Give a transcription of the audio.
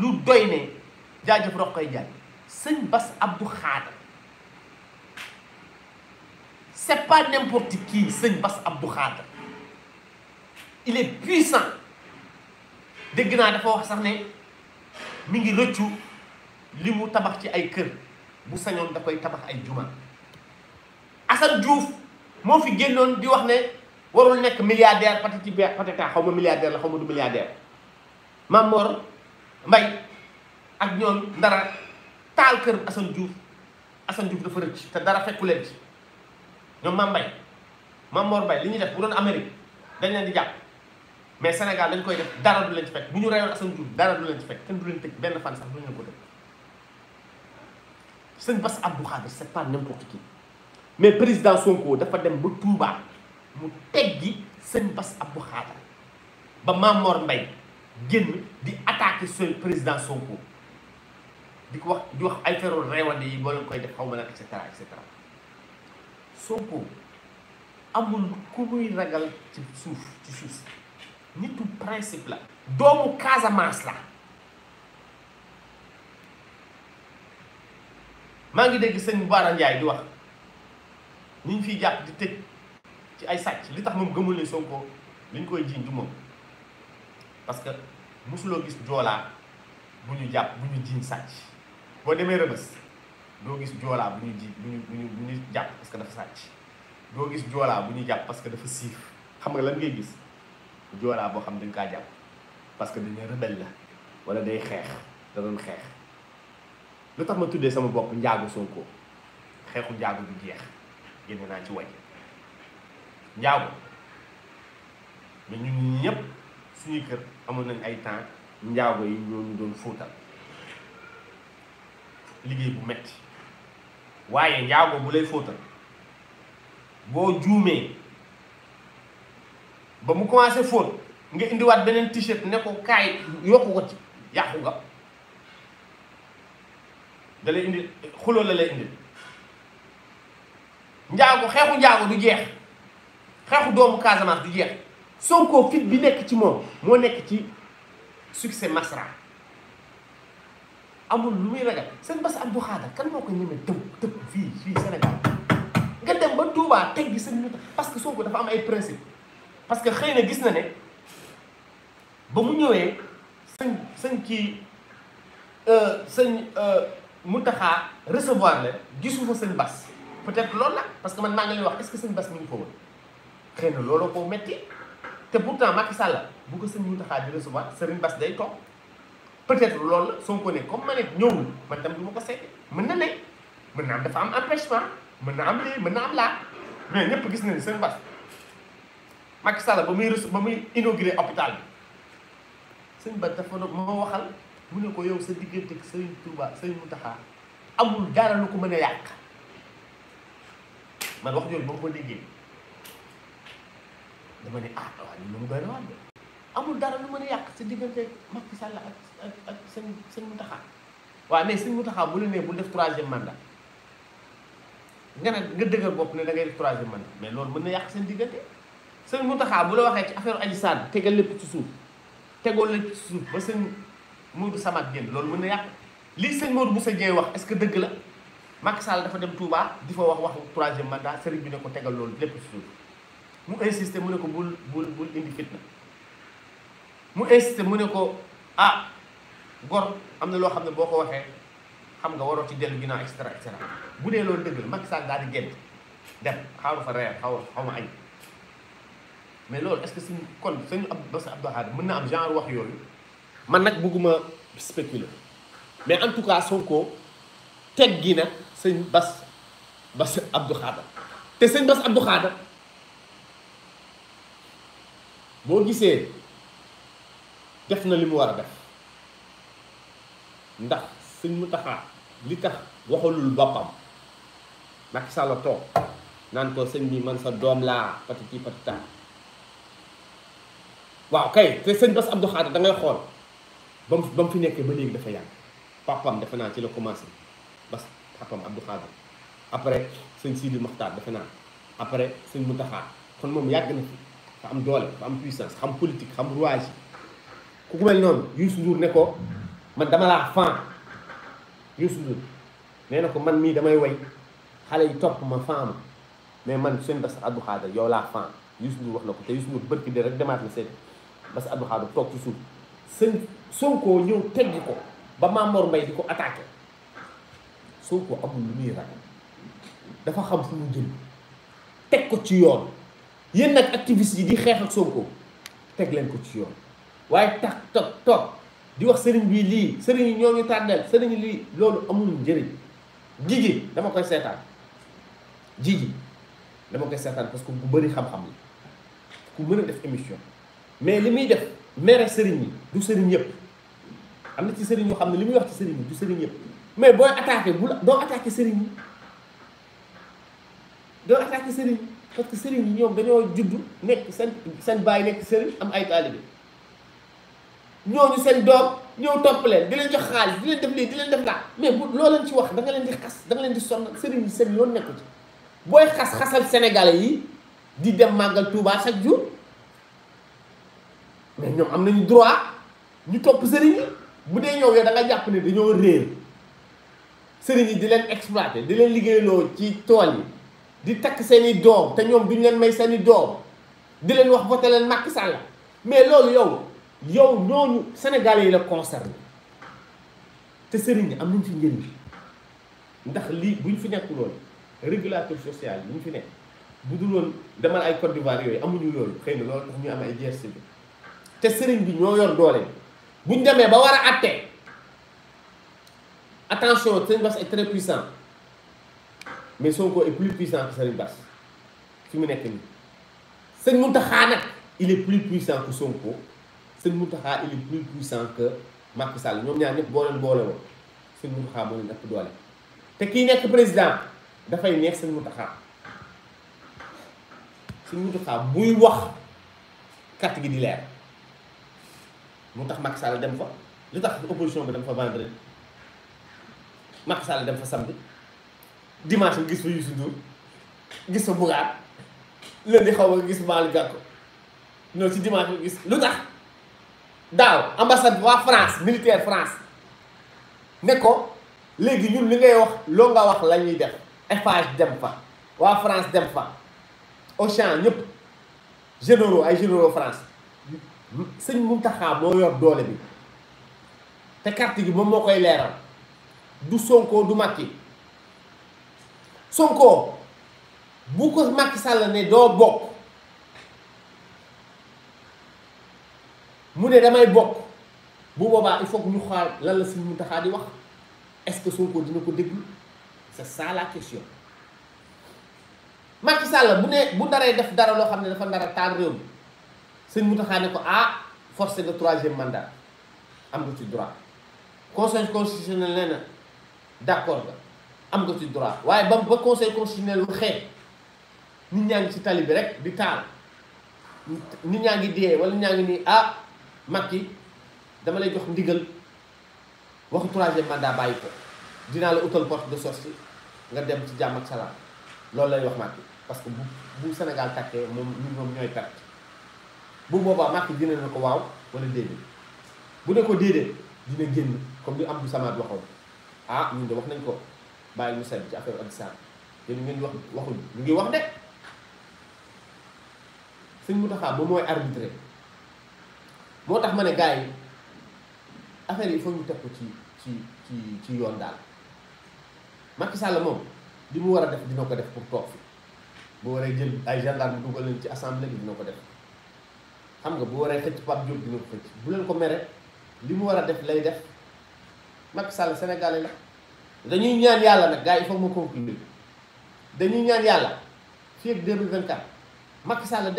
lu doy ne jaajëf Rokhaya Diagne sëñ Bass Abdou Khadre c'est pas n'importe qui sëñ Bass Abdou Khadre il est puissant dégg naa dafa wax sax ne mi ngi rëccu li mu tabax ci ay kër bu sañoon da koy tabax ay juma Assane Diouf moo fi génnoon di wax ne warul nekk milliardaire be patata xaw ma milliardaire la xaw ma du milliardaire Mamor mbay ak ñoom dara taal kër Assane Diouf Assane Diouf dafa rëcc te dara fekku leen ci ñoom ma mbay ma Mor bay li ñuy def bu doon amerique dañ leen di japp mais Sénégal dañ koy def dara du leen ci fekk bu ñu rayon Assane Diouf dara du leen ci fekk kenn du leen tek benn fan sax du leen ko def sëñ Bass Abdou khadir c'est pas n'importe qui mais président Sonko dafa dem ba Touba mu teggi sëñ Bass Abdou khadir ba ma Mor mbay génn di attaquer seul président Sonko di ko wax di wax ay ferool reewande yi boo koy def xaw ma nag et cetera et cetera Sonko amul ku muy ragal ci suuf ci suuf nitu principe la doomu Casamance la maa ngi dégg sëñ Bara Ndiaye di wax ñu ngi fiy jàpp di tëj ci ay sàcc li tax moom gëmul Sonko li ñu koy jiiñ du moom parce que mosuloo gis joolaa bu ñu jàpp bu ñu jiiñ sàcc boo demee rëbës doo gis joolaa bu ñu ji bu ñu bu ñu jàpp parce que dafa sàcc doo gis joolaa bu ñu jàpp parce que dafa siif xam nga lan ngay gis joolaa boo xam dañ kaa jàpp parce que dañu rebelle la wala day xeex da xeex lu tax ma tuddee sama bopp njaagu Sonko xeexu njaagu bu jeex génn naa ci waj njaagu mais ñun ñëpp suñu kër amoon nañ ay temps njaago yi ñooñu doon fóotal liggéey bu metti waaye njaago bu lay fóotal boo juumee ba mu commencé fóot nga indiwaat beneen t-shirt ne kaay yokku ko ci yàqu nga da lay indi xuloo la lay indi njaago xeexu njaago du jeex xeexu doomu Casamance du jeex sonko fit bi nek ci mom mo nek ci succès masra amul lu muy ragal seen bas abdou xaadar kan moko ko ñeme tëb fi fi sénégal nga dem ba touba teg gi seen parce que sonko dafa am ay principe parce que xeyna gis na ne ba mu ñëwé ñëwee ki euh kii euh, euh mutakha recevoir le gisu fa sëñ bass peut être lool la parce que man ma ngi lay wax est ce que sëñ bass mi ngi fo wone xeyna na ko metti te pourtant Macky Sall bu ko sëñ Mountakha di recevoir Serigne Bass day toog peut-être loolu la Sonko ne comme ma ne ñëwul man tam du ma ko seet mën na ne mën na am dafa am empêchement mën na am lii mën na am laa mais ñëpp gis nañu Serigne Bass Macky Sall ba muy reçu ba muy inauguré hôpital bi Serigne Bass dafa doon moo waxal mu ne ko yow sa diggante ak Serigne Touba Serigne Mountakha amul dara lu ko mën a yàq man wax jooju ba nga ko déggee. dama ne ah waaw lii moom doy na waat amul dara lu mën a yàq sa diggante Macky Sall ak ak ak seen seen Mountakha waaw mais seen Mountakha bu la nee bul def troisième mandat nga ne nga dëgër bopp ne da ngay def troisième mandat mais loolu mën na yàq seen diggante seen Mountakha bu la waxee ci affaire Adji Sarr tegal lépp ci suuf tegool lépp suuf ba seen Modou Samat génn loolu mën na yàq lii seen Modou Moussa Dieng wax est-ce que dëgg la Macky Sall dafa dem Touba di fa wax waxu troisième mandat sëriñ bi ne ko tegal loolu lépp ci suuf mu insisté mu ne ko bul bul bul indi fitna mu insisté mu ne ko ah gor am na loo xam ne boo ko waxee xam nga waroo ci dellu ginnaaw et cetera bu dee loolu dëgg la Macky Sall daal di génn dem xaaru fa reer xaw xaw ma añ mais loolu est-ce que suñ kon suñu ab basa Abdou Khadre mën naa am genre wax yooyu man nag bëgguma spéculer mais en tout cas Sonko teg gi na sëñ Bass Bass Abdou Khadre te sëñ Bass Abdou Khadre boo gisee def na li mu war a def ndax sëñ mu taxaa li tax waxalul boppam Macky Sall toog naan ko sëñ bi man sa doom laa patiti patita waaw kay te sëñ Bass Abdou Khadre da ngay xool ba mu ba mu fi nekkee ba léegi dafa yàgg papam defe naa ci la commencé Bass papam Abdou Khadre après sëñ Sidi Makhtar defe naa après sëñ Mountakha kon moom yàgg na fi am doole dafa am puissance xam politique xam rouage ku ku mel noonu Youssou Ndour ne ko man dama laa fan Youssou Ndour ne na ko man mii damay way xale yi topp ma fan mais man seen Bass Abdou Khadre yow laa fan Youssou wax na ko te Youssou Ndour rek demaat na seen Bass Abdou Khadre toog ci suuf seen Sonko ñëw teggi ko ba Mamor Mbaye ko attaqué Sonko amul lu muy ragal dafa xam fu mu teg ko ci yoon yéen nag activiste yi di xeex ak Sonko teg leen ko ci yoon waaye tax toog toog di wax sëriñ bii lii sëriñ yi ñoo ñu tànneel sëriñ lii loolu amul njëriñ jigi dama koy seetaan jigi dama koy seetaan parce que ku bëri xam-xam la ku mën a def émission mais li muy def mere sëriñ yi du sëriñ yëpp am na ci sëriñ yoo xam ne li muy wax ci sëriñ yi du sëriñ yëpp mais booy attaqué bu la doo attaqué sëriñ yi doo attaqué sëriñ yi parce que sëriñ yi ñoom dañoo juddu nekk seen seen baay nekk sëriñ am ay taalibe ñooñu seen doom ñëw topp leen di leen jox xaalis di leen def lii di leen def laa mais bu loo leen ci wax da nga leen di xas da nga leen di sonn sëriñ yi seen yoon nekku ci booy xas xasal sénégalais yi di dem màngal Touba chaque jour mais ñoom am nañu droit ñu topp sëriñ bu dee ñoom yow da nga jàpp ne dañoo réer sëriñ yi di leen exploité di leen liggéeyloo ci tool yi di takk seen i doom te ñoom duñ leen may seen i doom di leen wax voté leen Macky Sall mais loolu yow yow ñooñu sénégalais yi la concerné te sëriñ am ci fi njëriñ ndax lii buñ fi nekkul woon régulateur social yi ñu fi nekk bu dul woon demal ay Côte d'Ivoire yooyu amuñu loolu xëy na loolu tax ñu am ay GRC bi te sëriñ bi ñoo yor doole buñ demee ba war a atte attention sëriñ Bass est très puissant mais Sonko est plus puissant que Serigne Bass fi mu nekk nii sëñ Mountakha nag il est plus puissant que Sonko sëñ Mountakha il est plus puissant que Macky Sall ñoom ñaar ñëpp boo leen boole woon sëñ Mountakha moo leen ëpp doole te kii nekk président dafay neex sëñ Mountakha sëñ Mountakha buy wax carte gi di leer mu tax Macky Sall dem fa li tax opposition bi dem fa vendredi Macky Sall dem fa samedi dimanche nga gis fa Youssou Ndour gis fa Bougane lundi xaw ma nga gis Malick Gakou noonu ci dimanche lu tax daaw ambassade waa France militaire France ne ko léegi ñun li ngay wax loo nga wax la def fa waa France dem fa Auchan ñëpp généraux ay généraux France sëñ Mountakha moo yor doole bi te carte gi moom moo koy leeral du Sonko du Macky Sonko bu ko Macky sàll ne doo bokk mu ne damay bokk bu boobaa il faut que ñu xool lan la Sëñ Mountakha di wax est-ce que Sonko dina ko déglu c'est ça la question Macky Sall bu ne bu daree def dara loo xam ne dafa nar a taal réew mi Sëñ ne ko ah forcé de troisième mandat am nga ci droit conseil constitutionnel nee na d'accord la am nga ci droit waaye ba ba conseil constitutionnel waxee nit ñaa ngi ci tali bi rek di taal nit ñaa ngi dee wala ñaa ngi nii ah Macky dama lay jox ndigal waxu troisième mandat bàyyi ko dinaa la utal porte de si nga dem ci jàmm ak salaam loolu lay wax Macky parce que bu bu Sénégal takkee moom ñun moom ñooy perte bu boobaa Macky dina ne ko waaw wala déedéet bu ne ko déedéet dina génn comme li Abdou Samad waxoon ah ñun de wax nañ ko. bàyyi mu sedd ci affaire Adji Sarr yéen ngeen wax waxuñ ñu ngi wax de sëñ Mountakha ba mooy arbitré moo tax ma ne gars yi affaire yi foog ñu teg ko ci ci ci ci yoon daal Macky Sall moom li mu war a def dina ko def pour toog fi bu waree jël ay gendarme dugal leen ci assemblée bi dina ko def xam nga bu waree xëcc Pape Diop dina ko xëcc bu leen ko mere li mu war a def lay def Macky Sall Sénégalais la. dañuy ñaan yàlla na gars yi il faut ma conclure dañuy ñaan yàlla fii ak 2024 Macky Sall